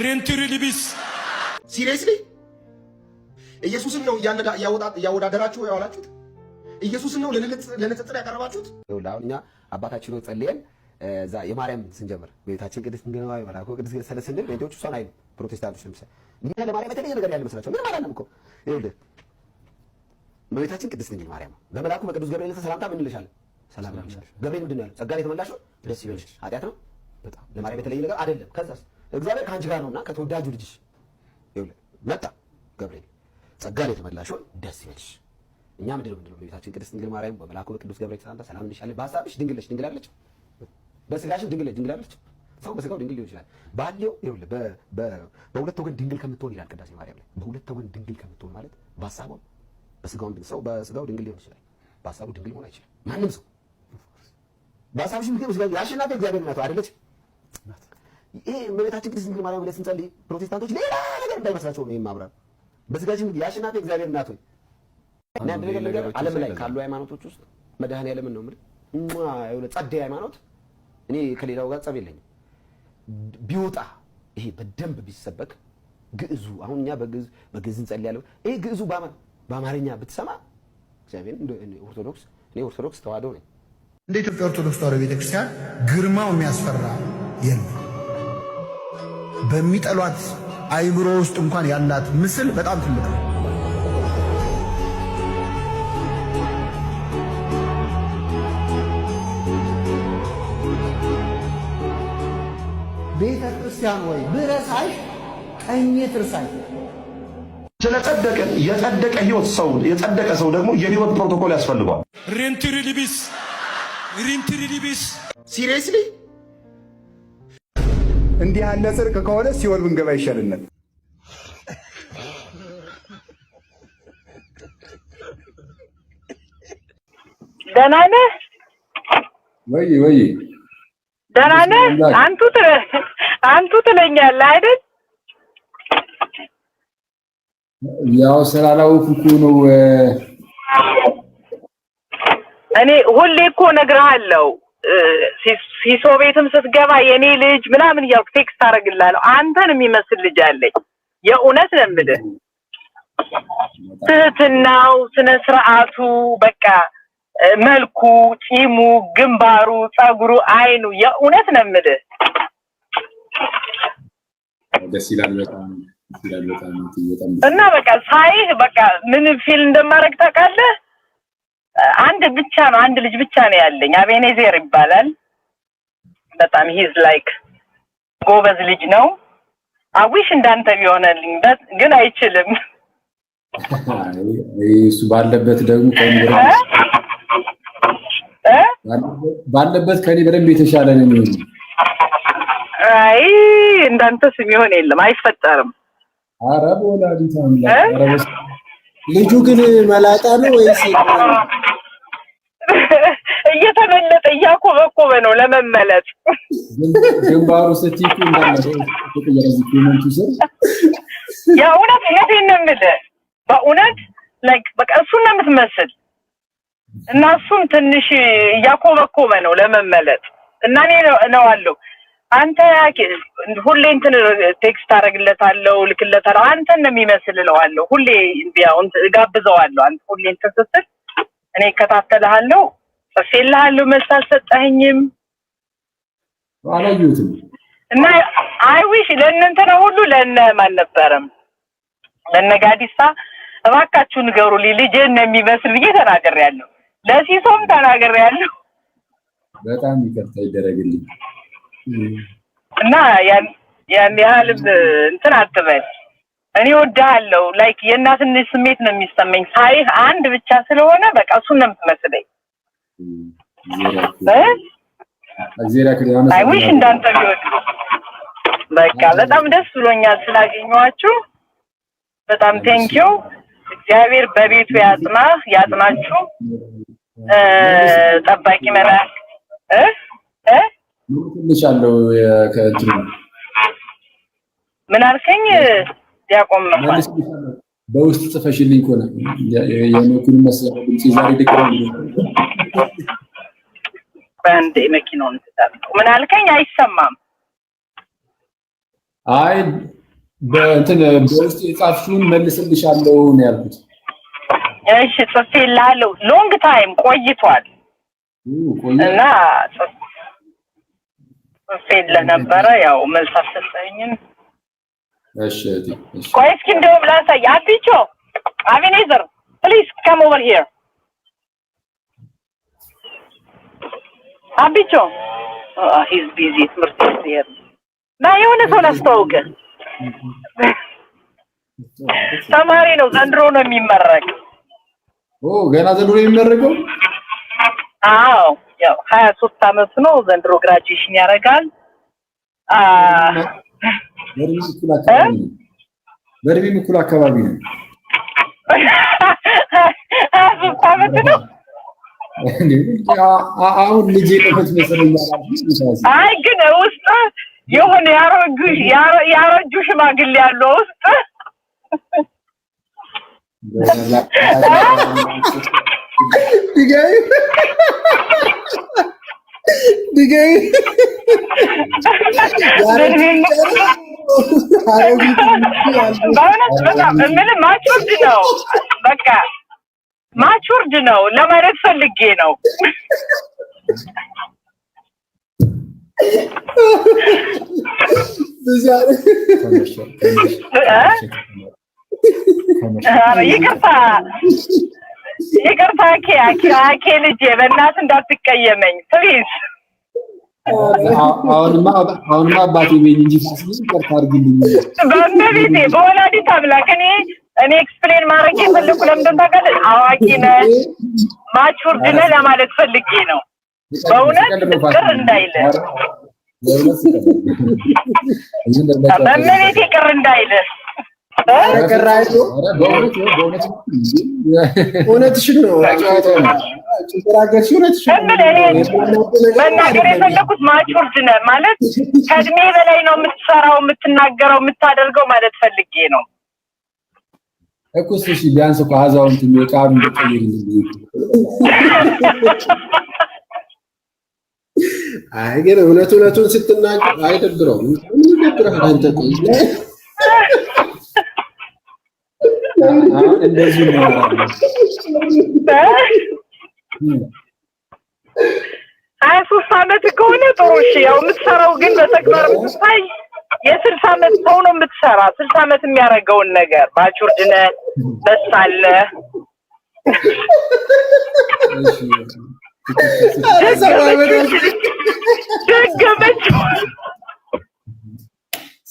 ሬንቲሪ ሊቢስ ሲሪየስሊ ኢየሱስን ነው እያወዳደራችሁ የዋላችሁት? ኢየሱስን ነው ለንጽጽር ያቀረባችሁት? አሁን እኛ አባታችን ነው ጸልየን የማርያም ስንጀምር ቤታችን ቅድስት ገባ መላኩ ቅድስት ገሰለ ስንል ጴንጤዎቹ እሷን አይሉም። ፕሮቴስታንቶች ለምሳሌ እኛ ለማርያም የተለየ ነገር ያለ መስላቸው ምንም አላለም እኮ ይኸውልህ እመቤታችን ቅድስት ድንግል ማርያም በመልአኩ በቅዱስ ገብርኤል ሰላምታ ምን እንልሻለን? ሰላም ነው። ገብርኤል ምንድን ነው ያለው? ጸጋን የተመላሽ ደስ ይበልሽ። ኃጢአት ነው በጣም ለማርያም የተለየ ነገር አይደለም። ከዛስ እግዚአብሔር ከአንቺ ጋር ነውና ከተወዳጁ ልጅሽ መጣ ገብርኤል ጸጋ ላይ የተመላሽ ሆይ ደስ ይበልሽ። እኛ ምንድነው ነው ቤታችን ቅድስት ድንግል ማርያም በመልአኩ በቅዱስ ገብርኤል ተሳንታ ሰላም እንሻለን። በሀሳብሽ ድንግል ነሽ፣ ድንግል አለች። በስጋሽም ድንግል ነሽ፣ ድንግል አለች። ሰው በስጋው ድንግል ሊሆን ይችላል። ባለው ይኸውልህ፣ በሁለት ወገን ድንግል ከምትሆን ይላል ቅዳሴ ማርያም ላይ በሁለት ወገን ድንግል ከምትሆን ማለት በሀሳቧም በስጋውም ሰው በስጋው ድንግል ሊሆን ይችላል። በሀሳቡ ድንግል ሆነ አይችልም ማንም ሰው። በሀሳብሽ ምክንያት ያሸናፊ እግዚአብሔር ናት አይደለች? ይሄ እመቤታችን ቅድስት ድንግል ማርያም ስንጸልይ ፕሮቴስታንቶች ሌላ ነገር እንዳይመስላቸው ነው የአሸናፊ እግዚአብሔር እናት ሆይ እና አንድ ነገር ነገር ዓለም ላይ ካሉ ሃይማኖቶች ውስጥ መድኃኔዓለምን ነው የምልህ የሆነ ጸደይ ሃይማኖት እኔ ከሌላው ጋር ጸብ የለኝም። ቢወጣ ይሄ በደንብ ቢሰበክ ግዕዙ አሁን እኛ በግዕዝ በግዕዝ እንጸልያለን። ይሄ ግዕዙ በአማርኛ ብትሰማ እግዚአብሔር ኦርቶዶክስ እኔ ኦርቶዶክስ ተዋህዶ ነኝ። እንደ ኢትዮጵያ ኦርቶዶክስ ተዋህዶ ቤተክርስቲያን ግርማው የሚያስፈራ የለም። በሚጠሏት አይምሮ ውስጥ እንኳን ያላት ምስል በጣም ትልቅ ነው። ቤተ ክርስቲያን ወይ ብረሳሽ ቀኜ ትርሳሽ። ስለጸደቀ የጸደቀ ህይወት ሰው የጸደቀ ሰው ደግሞ የህይወት ፕሮቶኮል ያስፈልገዋል። ሬንትሪ ሊቢስ ሬንትሪ ሊቢስ ሲሪየስሊ እንዲህ ያለ ጽድቅ ከሆነ ሲወል ብንገባ ይሻልናል። ደህና ነህ ወይ? ወይ ደህና ነህ? አንቱ አንቱ ትለኛለህ አይደል? ያው ስላላወኩት ነው። እኔ ሁሌ እኮ እነግርሃለሁ ሲሶ ቤትም ስትገባ የኔ ልጅ ምናምን እያልኩ ቴክስት አደርግልሃለሁ። አንተን የሚመስል ልጅ አለኝ። የእውነት ነው የምልህ። ትህትናው፣ ስነ ስርዓቱ፣ በቃ መልኩ፣ ፂሙ፣ ግንባሩ፣ ፀጉሩ አይኑ የእውነት ነው የምልህ። ደስ ይላል በጣም እና በቃ ሳይህ በቃ ምን ፊል እንደማደርግ ታውቃለህ አንድ ብቻ ነው፣ አንድ ልጅ ብቻ ነው ያለኝ። አቤኔዘር ይባላል። በጣም ሂዝ ላይክ ጎበዝ ልጅ ነው። አዊሽ እንዳንተ ቢሆነልኝ ግን አይችልም። እሱ ባለበት ደግሞ ኮምብራ ባለበት ከኔ በደንብ የተሻለ ነው። አይ እንዳንተስ የሚሆን የለም፣ አይፈጠርም። አረ በወላዲተ አምላክ ልጁ ግን መላጣ ነው ወይስ እየተመለጠ እያኮበኮበ ነው? ለመመለጥ ግንባሩ ስትይቁ እንዳለ የእውነት ነው የምልህ። በእውነት በቃ እሱን ነው የምትመስል እና እሱም ትንሽ እያኮበኮበ ነው ለመመለጥ እና እኔ ነው አለው አንተ ሁሌ እንትን ቴክስት አደርግለታለሁ እልክለታለሁ አንተን ነው የሚመስል እለዋለሁ። ሁሌ ቢያውን ጋብዘዋለሁ። አንተ ሁሌ እንትን ስትል እኔ እከታተልሃለሁ፣ ጽፌልሃለሁ። መልስ አልሰጠኸኝም አላየሁትም። እና አይ ዊሽ ለእነንተ ነው ሁሉ ለእነ ማን ነበረም ለእነ ጋዲሳ እባካችሁ ንገሩልኝ ልጄን ነው የሚመስል ብዬ ያለው ለሲሶም ተናገር ያለው በጣም ይቅርታ ይደረግልኝ። እና ያን ያህል እንትን አትበል። እኔ ወዳለው ላይክ የእናትነት ስሜት ነው የሚሰማኝ ሳይህ አንድ ብቻ ስለሆነ በቃ እሱን ነው የምትመስለኝ። አይ ዊሽ እንዳንተ ቢሆን በቃ በጣም ደስ ብሎኛል ስላገኘኋችሁ። በጣም ቴንኪው። እግዚአብሔር በቤቱ ያጽና ያጽናችሁ። ጠባቂ መላክ እ እ ትንሽ አለው ከእንትኑ ምን አልከኝ? ዲያቆም በውስጥ ጽፈሽልኝ እኮ የመኪኑ መስሪያ ዛሬ ድቅረ በአንድ የመኪናውን ትታልቀው ምን አልከኝ? አይሰማም። አይ በእንትን በውስጥ የጻፍሽውን መልስልሻለሁ ነው ያልኩት። እሺ ጽፌልሃለሁ። ሎንግ ታይም ቆይቷል እና ጽፌ ፌል ለነበረ ያው መልስ አልሰጠኝም። እሺ እህቴ ቆይ እስኪ እንደውም ላሳይ። አቢቾ አቤኔዘር ፕሊዝ ከም ኦቨር ሂር አቢቾ ሂዝ ቢዚ ትምህርት ሄር ና የሆነ ሰው ላስተዋውቅ። ተማሪ ነው፣ ዘንድሮ ነው የሚመረቅ። ገና ዘንድሮ የሚመረቀው? አዎ ያው ሀያ ሶስት አመቱ ነው ዘንድሮ ግራጁዌሽን ያደርጋል። በእድሜ እኩል አካባቢ ነው። ሀያ ሶስት አመት ነው። አሁን ልጅ የለበት መሰለኝ። አይ ግን ውስጥ የሆነ ያረጁ ሽማግሌ ያለው ውስጥ ምንም ማቹርድ ነው። በቃ ማቹርድ ነው ለማለት ፈልጌ ነው። ይቅርታ ይቅርታ አኬ አኬ አኬ ልጄ በእናት እንዳትቀየመኝ ፕሊዝ። አሁንማ አሁንማ አባቴ ቤኝ እንጂ ይቅርታ አድርግልኝ። በእመቤቴ በወላዲት አምላክ እኔ እኔ ኤክስፕሌን ማድረግ የፈለኩ ለምንድን ታውቃለህ? አዋቂ ነህ ማቹርድ ነህ ለማለት ፈልጌ ነው። በእውነት ቅር እንዳይልህ በእመቤቴ ቅር እንዳይልህ እውነትሽን ነው። መናገር የፈለኩት ማጩርድ ነህ ማለት ከእድሜ በላይ ነው የምትሰራው፣ የምትናገረው፣ የምታደርገው ማለት ፈልጌ ነው እኮ። እስኪ ቢያንስ እኮ አዛውንት የሚወጣሉ አይ ግን እውነት እውነቱን ስትናገር አይደብረውም። እንደዚህ ሀያ ሶስት አመት ከሆነ ጥሩ እሺ። ያው የምትሰራው ግን በተግባር የምትታይ የስልሳ አመት ሰው ነው የምትሰራ ስልሳ አመት የሚያደርገውን ነገር ባቹርድነ በሳለ ደገመች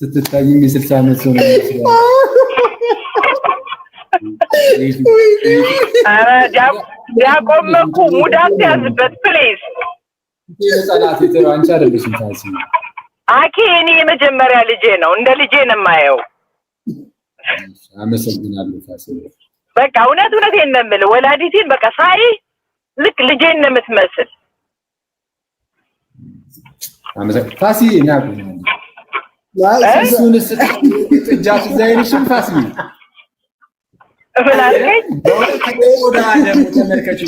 ስትታይም የስልሳ አመት ሰው ነው ያቆመኩ ሙድ አትያዝበት ፕሊዝ። አኬ እኔ የመጀመሪያ ልጄ ነው፣ እንደ ልጄ ነው የማየው። በቃ እውነት እውነቴን ነው የምልህ። ወላዲቴን በቃ ሳይ ልክ ልጄን ነው የምትመስል። ታሲ እና እሱን እጃት እበላለኝ ወደ አለም ተመልከች።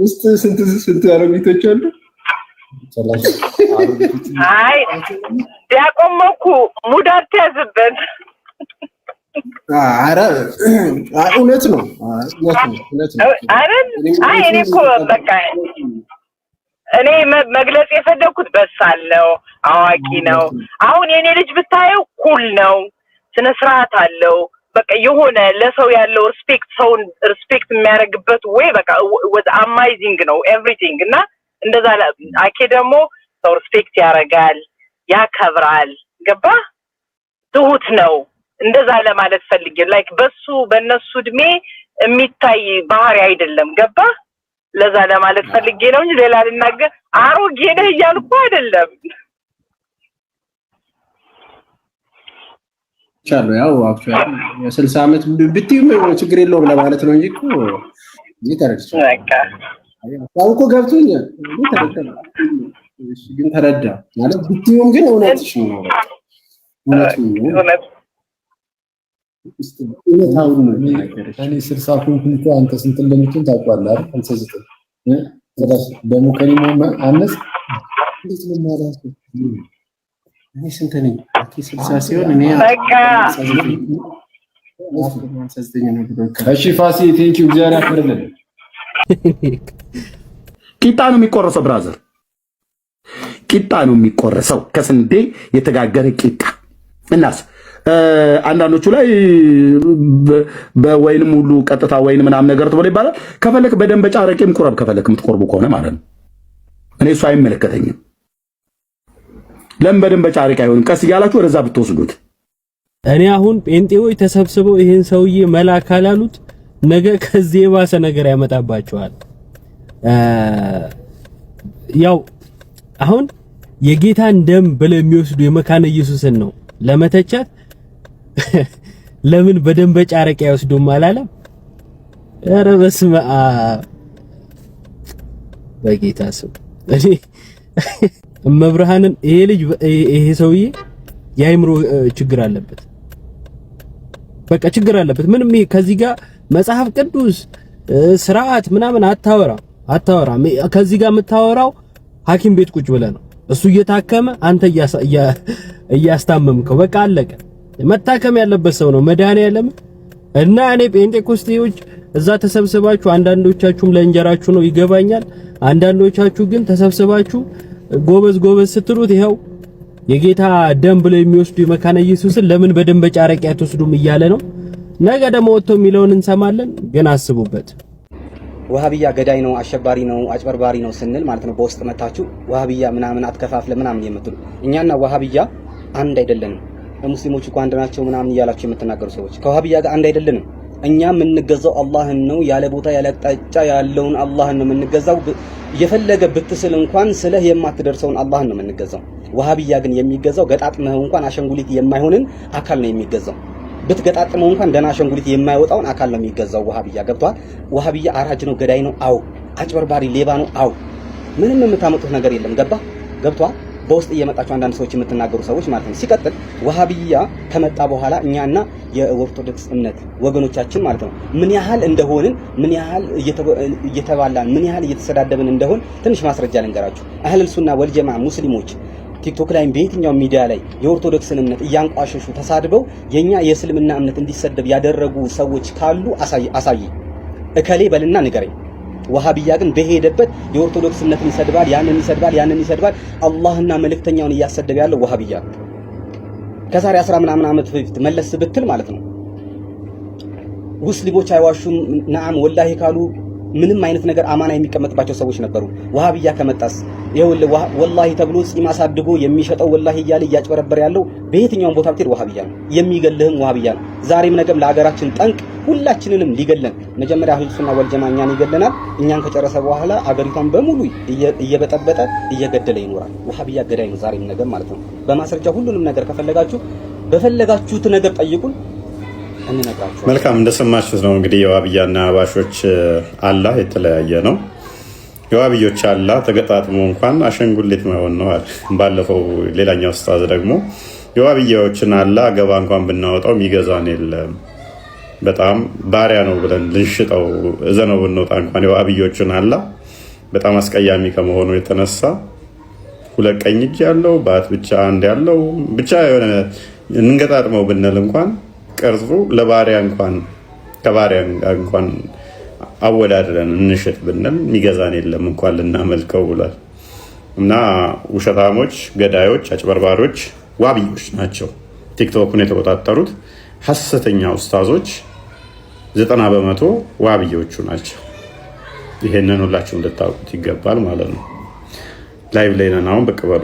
ውስጥ ስንት አሮጊቶች አሉ? አይ ያቆመኩ ሙድ አትያዝበት ኧረ እውነት ነው። አይ እኔ እኮ በቃ እኔ መግለጽ የፈለኩት በሳል ነው፣ አዋቂ ነው። አሁን የእኔ ልጅ ብታየው ኩል ነው፣ ስነ ስርዓት አለው። በቃ የሆነ ለሰው ያለው ሪስፔክት፣ ሰውን ሪስፔክት የሚያደርግበት ወይ በቃ ወዝ አማይዚንግ ነው ኤቭሪቲንግ። እና እንደዛ አኬ ደግሞ ሰው ሪስፔክት ያደርጋል፣ ያከብራል። ገባ ትሁት ነው እንደዛ ለማለት ፈልጌ ላይክ በሱ በእነሱ እድሜ የሚታይ ባህሪ አይደለም። ገባ? ለዛ ለማለት ፈልጌ ነው እንጂ ሌላ ልናገር አሮጌ ነህ እያልኩ አይደለም። ቻሉ ያው አክቹዋሊ የስልሳ ዓመት ብትይም ችግር የለውም ለማለት ነው እንጂ እኮ እዚህ ገብቶኛል። ግን ተረዳ ማለት ብትይም ግን እውነትሽ ነው እውነቱ እኔ ስልሳ አንተ ስንት እንደምትሆን ታውቋለህ አይደል? ደግሞ ከኔ አነስ እንዴት ነው እኔ ስንት ነኝ? ስልሳ ሲሆን እኔ እሺ ፋሲ ቴንኪው እግዚአብሔር ያክብርልን። ቂጣ ነው የሚቆረሰው፣ ብራዘር ቂጣ ነው የሚቆረሰው፣ ከስንዴ የተጋገረ ቂጣ እናስ አንዳንዶቹ ላይ በወይንም ሁሉ ቀጥታ ወይን ምናምን ነገር ተብሎ ይባላል። ከፈለክ በደንብ ጫረቄም ቁረብ፣ ከፈለክ የምትቆርቡ ከሆነ ማለት ነው። እኔ እሱ አይመለከተኝም። ለምን በደንበጫ አረቄ አይሆንም? ቀስ እያላችሁ ወደዛ ብትወስዱት። እኔ አሁን ጴንጤዎች ተሰብስበው ይህን ሰውዬ መላካ ካላሉት ነገ ከዚህ የባሰ ነገር ያመጣባቸዋል። ያው አሁን የጌታን ደም ብለው የሚወስዱ የመካነ ኢየሱስን ነው ለመተቻት ለምን በደንበጫ አረቄ አይወስዱም አላለም? ኧረ በስመ አብ በጌታ ስም እኔ ይሄ ልጅ ይሄ ሰውዬ የአይምሮ ችግር አለበት። በቃ ችግር አለበት። ምንም ይሄ ከዚህ ጋር መጽሐፍ ቅዱስ ስርዓት ምናምን አታወራ አታወራ። ከዚህ ጋር የምታወራው ሐኪም ቤት ቁጭ ብለህ ነው። እሱ እየታከመ አንተ እያስታመምከው። በቃ አለቀ። መታከም ያለበት ሰው ነው መድኃኔዓለም። እና እኔ ጴንጤኮስቴዎች እዛ ተሰብስባችሁ አንዳንዶቻችሁም ለእንጀራችሁ ነው ይገባኛል። አንዳንዶቻችሁ ግን ተሰብስባችሁ ጎበዝ ጎበዝ ስትሉት ይኸው የጌታ ደም ብለው የሚወስዱ የመካነ ኢየሱስን ለምን በደም አረቄ አትወስዱም እያለ ነው። ነገ ደግሞ ወጥቶ የሚለውን እንሰማለን። ግን አስቡበት። ወሃብያ ገዳይ ነው፣ አሸባሪ ነው፣ አጭበርባሪ ነው ስንል ማለት ነው። በውስጥ መታችሁ ወሃብያ ምናምን አትከፋፍለ ምናምን የምትሉ እኛና ወሃብያ አንድ አይደለንም። ሙስሊሞች እኮ አንድ ናቸው ምናምን እያላችሁ የምትናገሩ ሰዎች ከውሃብያ ጋር አንድ አይደለንም። እኛ የምንገዛው አላህን ነው። ያለ ቦታ ያለ አቅጣጫ ያለውን አላህን ነው የምንገዛው። የፈለገ ብትስል እንኳን ስለህ የማትደርሰውን አላህን ነው የምንገዛው። ውሃብያ ግን የሚገዛው ገጣጥመኸው እንኳን አሸንጉሊት የማይሆንን አካል ነው የሚገዛው። ብትገጣጥመው እንኳን ደህና አሸንጉሊት የማይወጣውን አካል ነው የሚገዛው። ውሃብያ ገብቷል። ውሃብያ አራጅ ነው፣ ገዳይ ነው፣ አው አጭበርባሪ ሌባ ነው፣ አው ምንም የምታመጡት ነገር የለም። ገባ ገብቷል። በውስጥ እየመጣችሁ አንዳንድ ሰዎች የምትናገሩ ሰዎች ማለት ነው። ሲቀጥል ወሃቢያ ከመጣ በኋላ እኛና የኦርቶዶክስ እምነት ወገኖቻችን ማለት ነው ምን ያህል እንደሆንን ምን ያህል እየተባላን ምን ያህል እየተሰዳደብን እንደሆን ትንሽ ማስረጃ ልንገራችሁ። አህለል ሱና ወልጀማ ሙስሊሞች ቲክቶክ ላይ በየትኛው ሚዲያ ላይ የኦርቶዶክስን እምነት እያንቋሸሹ ተሳድበው የኛ የእስልምና እምነት እንዲሰደብ ያደረጉ ሰዎች ካሉ አሳይ እከሌ በልና ንገረኝ። ወሃቢያ ግን በሄደበት የኦርቶዶክስነትን ይሰድባል፣ ያንን ይሰድባል፣ ያንን ይሰድባል። አላህና መልእክተኛውን እያሰደበ ያለው ወሃቢያ ከዛሬ አስራ ምናምን ዓመት በፊት መለስ ብትል ማለት ነው ሙስሊሞች አይዋሹም ነዓም ወላሂ ካሉ ምንም አይነት ነገር አማና የሚቀመጥባቸው ሰዎች ነበሩ። ወሃቢያ ከመጣስ ይሄው ወላሂ ተብሎ ጺም አሳድጎ የሚሸጠው ወላሂ እያለ እያጭበረበረ ያለው በየትኛውም ቦታ ብትሄድ ወሃቢያ ነው። የሚገልህም ወሃቢያ ነው። ዛሬም ነገም ለሀገራችን ጠንቅ ሁላችንንም ሊገለን መጀመሪያ አህሉ ሱና ወልጀማ እኛን ይገለናል። እኛን ከጨረሰ በኋላ አገሪቷን በሙሉ እየበጠበጠ እየገደለ ይኖራል። ወሃቢያ ገዳይ ነው ዛሬም ነገር ማለት ነው። በማስረጃ ሁሉንም ነገር ከፈለጋችሁ በፈለጋችሁት ነገር ጠይቁን መልካም እንደሰማችሁት ነው እንግዲህ የዋብያና አባሾች አላ የተለያየ ነው። የዋብዮች አላ ተገጣጥሞ እንኳን አሸንጉሌት መሆን ነው። ባለፈው ሌላኛው ስታዝ ደግሞ የዋብያዎችን አላ ገባ እንኳን ብናወጣው የሚገዛን የለም በጣም ባሪያ ነው ብለን ልንሽጠው እዘነው ብንወጣ እንኳን አብዮችን አላ በጣም አስቀያሚ ከመሆኑ የተነሳ ሁለት ቀኝ እጅ ያለው ባት ብቻ አንድ ያለው ብቻ የሆነ እንገጣጥመው ብንል እንኳን ቅርጹ ለባሪያ እንኳን ከባሪያ እንኳን አወዳድረን እንሽጥ ብንል የሚገዛን የለም እንኳን ልናመልከው ብሏል። እና ውሸታሞች፣ ገዳዮች፣ አጭበርባሪዎች ዋብዮች ናቸው ቲክቶክን የተቆጣጠሩት ሀሰተኛ ኡስታዞች ዘጠና በመቶ ዋብዬዎቹ ናቸው። ይሄንን ሁላችሁ እንድታውቁት ይገባል ማለት ነው። ላይቭ ላይ ነን አሁን ብቅ በሉ።